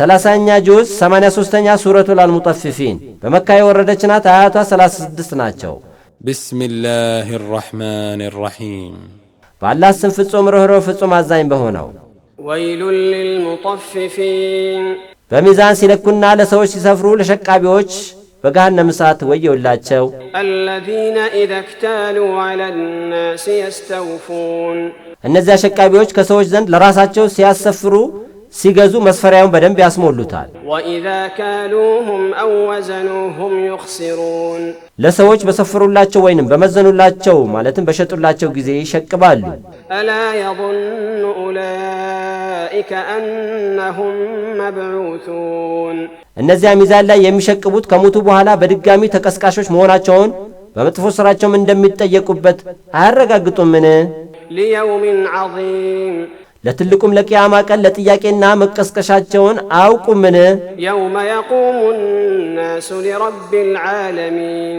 ሰላሳኛ ጁዝ 83ኛ ሱረቱ አልሙጠፊፊን በመካ የወረደች ናት። አያቷ 36 ናቸው። ቢስሚላህ ራሕማን ራሒም በአላህ ስም ፍጹም ርኅሩህ ፍጹም አዛኝ በሆነው። ወይሉን ሊልሙጠፊፊን በሚዛን ሲለኩና ለሰዎች ሲሰፍሩ ለሸቃቢዎች በገሃነም እሳት ወየውላቸው። አለዚነ ኢዘ ክታሉ ዐለ ናሲ የስተውፉን እነዚያ ሸቃቢዎች ከሰዎች ዘንድ ለራሳቸው ሲያሰፍሩ ሲገዙ መስፈሪያውን በደንብ ያስሞሉታል። ወኢዛ ካሉሁም አው ወዘኑሁም ዩኽሲሩን ለሰዎች በሰፈሩላቸው ወይንም በመዘኑላቸው ማለትም በሸጡላቸው ጊዜ ይሸቅባሉ። አላ የظኑ ኡላኢከ አነሁም መብዑቱን እነዚያ ሚዛን ላይ የሚሸቅቡት ከሞቱ በኋላ በድጋሚ ተቀስቃሾች መሆናቸውን በመጥፎ ሥራቸውም እንደሚጠየቁበት አያረጋግጡምን? ሊየውሚን ዐዚም ለትልቁም ለቅያማ ቀን ለጥያቄና መቀስቀሻቸውን አያውቁምን? የውመ የቁሙ ናሱ ሊረቢል ዓለሚን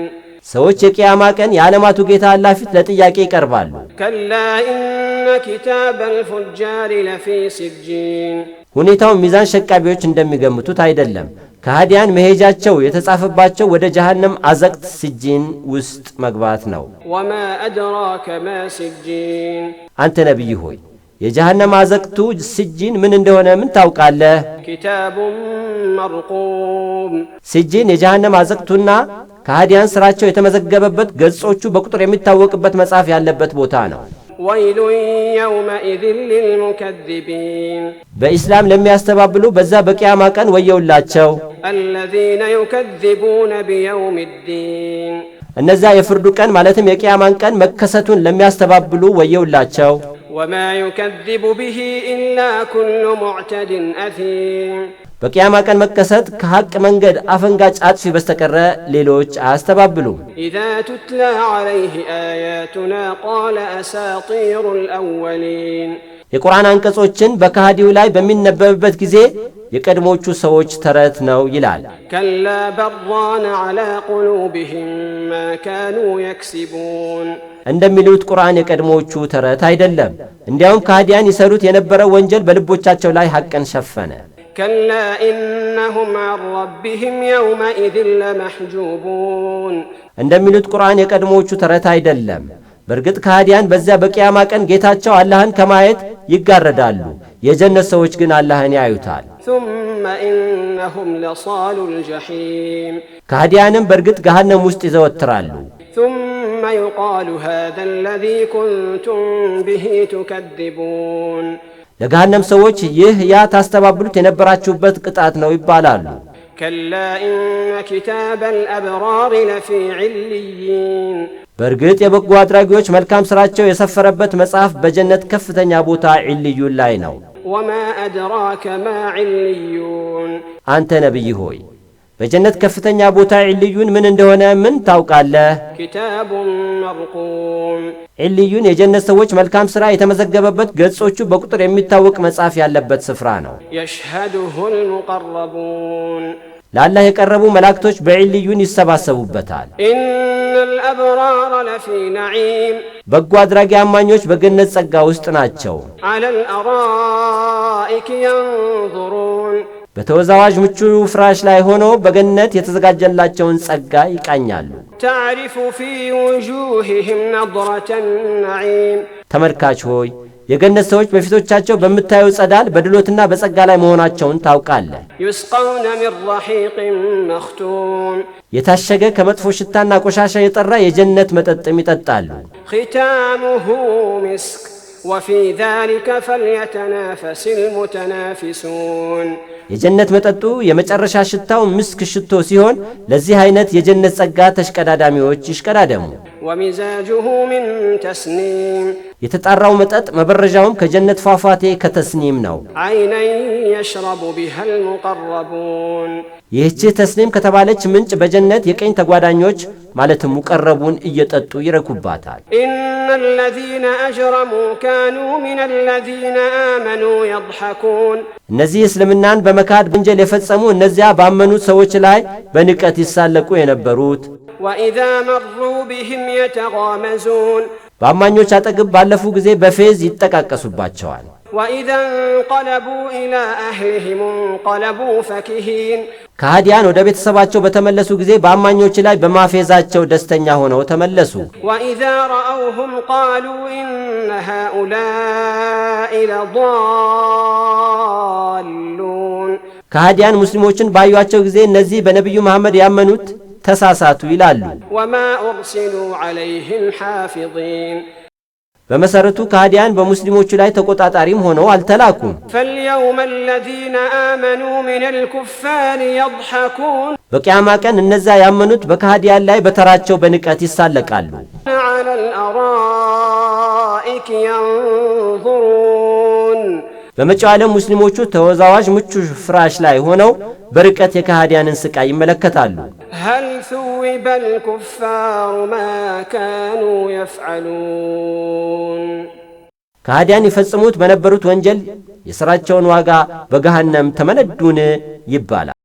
ሰዎች የቅያማ ቀን የዓለማቱ ጌታ አላህ ፊት ለጥያቄ ይቀርባሉ። ከላ ኢነ ኪታበል ፉጃሪ ለፊ ሲጂን ሁኔታው ሚዛን ሸቃቢዎች እንደሚገምቱት አይደለም። ከሃዲያን መሄጃቸው የተጻፈባቸው ወደ ጀሃነም አዘቅት ሲጂን ውስጥ መግባት ነው። ወማ አድራከ ማ ሲጂን አንተ ነቢይ ሆይ የጀሃነም አዘቅቱ ስጂን ምን እንደሆነ ምን ታውቃለህ? ኪታቡን መርቁም ስጂን የጀሃነም አዘቅቱና ከሃዲያን ስራቸው የተመዘገበበት ገጾቹ በቁጥር የሚታወቅበት መጽሐፍ ያለበት ቦታ ነው። ወይሉ የውመኢዝን ልልሙከዚቢን በኢስላም ለሚያስተባብሉ በዛ በቅያማ ቀን ወየውላቸው። አለዚነ ዩከዚቡነ ብየውም ዲን እነዛ የፍርዱ ቀን ማለትም የቅያማን ቀን መከሰቱን ለሚያስተባብሉ ወየውላቸው። ወማ ዩከዚቡ ብሂ ኢላ ኩሉ ሙዕተድን አሲም በቅያማ ቀን መከሰት ከሐቅ መንገድ አፈንጋጭ አጥፊ በስተቀረ ሌሎች አያስተባብሉም። ኢዛ ቱትላ عليه አያቱና قال አሳጢሩል አወሊን የቁርአን አንቀጾችን በከሃዲው ላይ በሚነበብበት ጊዜ የቀድሞቹ ሰዎች ተረት ነው ይላል። ከላ በራን ዐላ ቁሉብህም ማ ካኑ የክስቡን እንደሚሉት ቁርአን የቀድሞቹ ተረት አይደለም። እንዲያውም ከሃዲያን ይሰሩት የነበረው ወንጀል በልቦቻቸው ላይ ሐቅን ሸፈነ። ከላ ኢነሁም ዐን ረቢህም የውመኢዝን ለመሕጁቡን እንደሚሉት ቁርአን የቀድሞቹ ተረት አይደለም። በእርግጥ ከሃዲያን በዚያ በቅያማ ቀን ጌታቸው አላህን ከማየት ይጋረዳሉ። የጀነት ሰዎች ግን አላህን ያዩታል። ሱመ ኢነሁም ለሳሉል ጀሒም ከሃዲያንም በእርግጥ ገሃነም ውስጥ ይዘወትራሉ። ሱመ ዩቃሉ ሃዛ አለዚ ኩንቱም ብሂ ቱከዚቡን ለገሃነም ሰዎች ይህ ያ ታስተባብሉት የነበራችሁበት ቅጣት ነው ይባላሉ። ከላ ኢነ ኪታበል አብራሪ ለፊ ዕልይን በእርግጥ የበጎ አድራጊዎች መልካም ሥራቸው የሰፈረበት መጽሐፍ በጀነት ከፍተኛ ቦታ ዒልዩን ላይ ነው። ወማ አድራከ ማ ዒልዩን፣ አንተ ነቢይ ሆይ በጀነት ከፍተኛ ቦታ ዒልዩን ምን እንደሆነ ምን ታውቃለህ? ኪታቡን መርቁም፣ ዒልዩን የጀነት ሰዎች መልካም ሥራ የተመዘገበበት ገጾቹ በቁጥር የሚታወቅ መጽሐፍ ያለበት ስፍራ ነው። የሽሀዱሁ ልሙቀረቡን ለአላህ የቀረቡ መላእክቶች በዕልዩን ይሰባሰቡበታል። ኢነል አብራረ ለፊ ነዒም በጎ አድራጊ አማኞች በገነት ጸጋ ውስጥ ናቸው። አለል አራኢክ የንዙሩን በተወዛዋዥ ምቹ ፍራሽ ላይ ሆነው በገነት የተዘጋጀላቸውን ጸጋ ይቃኛሉ። ተዕሪፉ ፊ ውጁሂሂም ነድረተ ነዒም ተመልካች ሆይ የገነት ሰዎች በፊቶቻቸው በምታየው ጸዳል በድሎትና በጸጋ ላይ መሆናቸውን ታውቃለ። ዩስቀውነ ሚን ረሒቅን መኽቱም የታሸገ ከመጥፎ ሽታና ቆሻሻ የጠራ የጀነት መጠጥም ይጠጣሉ። ኺታሙሁ ሚስክ ወፊ ዛሊከ ፈልየተናፈሲል ሙተናፊሱን የጀነት መጠጡ የመጨረሻ ሽታው ምስክ ሽቶ ሲሆን ለዚህ አይነት የጀነት ጸጋ ተሽቀዳዳሚዎች ይሽቀዳደሙ። ወሚዛጁሁ ሚን ተስኒም የተጣራው መጠጥ መበረዣውም ከጀነት ፏፏቴ ከተስኒም ነው። አይነን የሽረቡ ቢሃ ልሙቀረቡን ይህች ተስኒም ከተባለች ምንጭ በጀነት የቀኝ ተጓዳኞች ማለትም ሙቀረቡን እየጠጡ ይረኩባታል። ኢነ ለዚነ አጅረሙ ካኑ ሚነ ለዚነ አመኑ የድሐኩን እነዚህ እስልምናን በመካድ ወንጀል የፈጸሙ እነዚያ ባመኑት ሰዎች ላይ በንቀት ይሳለቁ የነበሩት ወኢዛ መሩ ቢህም የተጋመዙን በአማኞች አጠገብ ባለፉ ጊዜ በፌዝ ይጠቃቀሱባቸዋል። ከሃዲያን ወደ ቤተሰባቸው በተመለሱ ጊዜ በአማኞች ላይ በማፌዛቸው ደስተኛ ሆነው ተመለሱ። ወኢዛ ረአውሁም ቃሉ ኢነ ሃኡላኢ ለዷሉን ከሃዲያን ሙስሊሞችን ባዩቸው ጊዜ እነዚህ በነቢዩ መሐመድ ያመኑት ተሳሳቱ ይላሉ። ወማ ኡርሲሉ ዐለይሂም ሓፊዚን በመሰረቱ ከሃዲያን በሙስሊሞቹ ላይ ተቆጣጣሪም ሆነው አልተላኩም። ፈልየውመ ለዚነ አመኑ ሚነል ኩፋር የድሐኩን በቅያማ ቀን እነዛ ያመኑት በከሃዲያን ላይ በተራቸው በንቀት ይሳለቃሉ። ዐለል አራኢክ የንዙሩን በመጪው ዓለም ሙስሊሞቹ ተወዛዋዥ ምቹ ፍራሽ ላይ ሆነው በርቀት የካህዲያንን ስቃይ ይመለከታሉ። ሀል ሱዊበ ልኩፋሩ ማ ካኑ የፍዓሉን ካህዲያን ይፈጽሙት በነበሩት ወንጀል የሥራቸውን ዋጋ በገሃነም ተመነዱን ይባላል።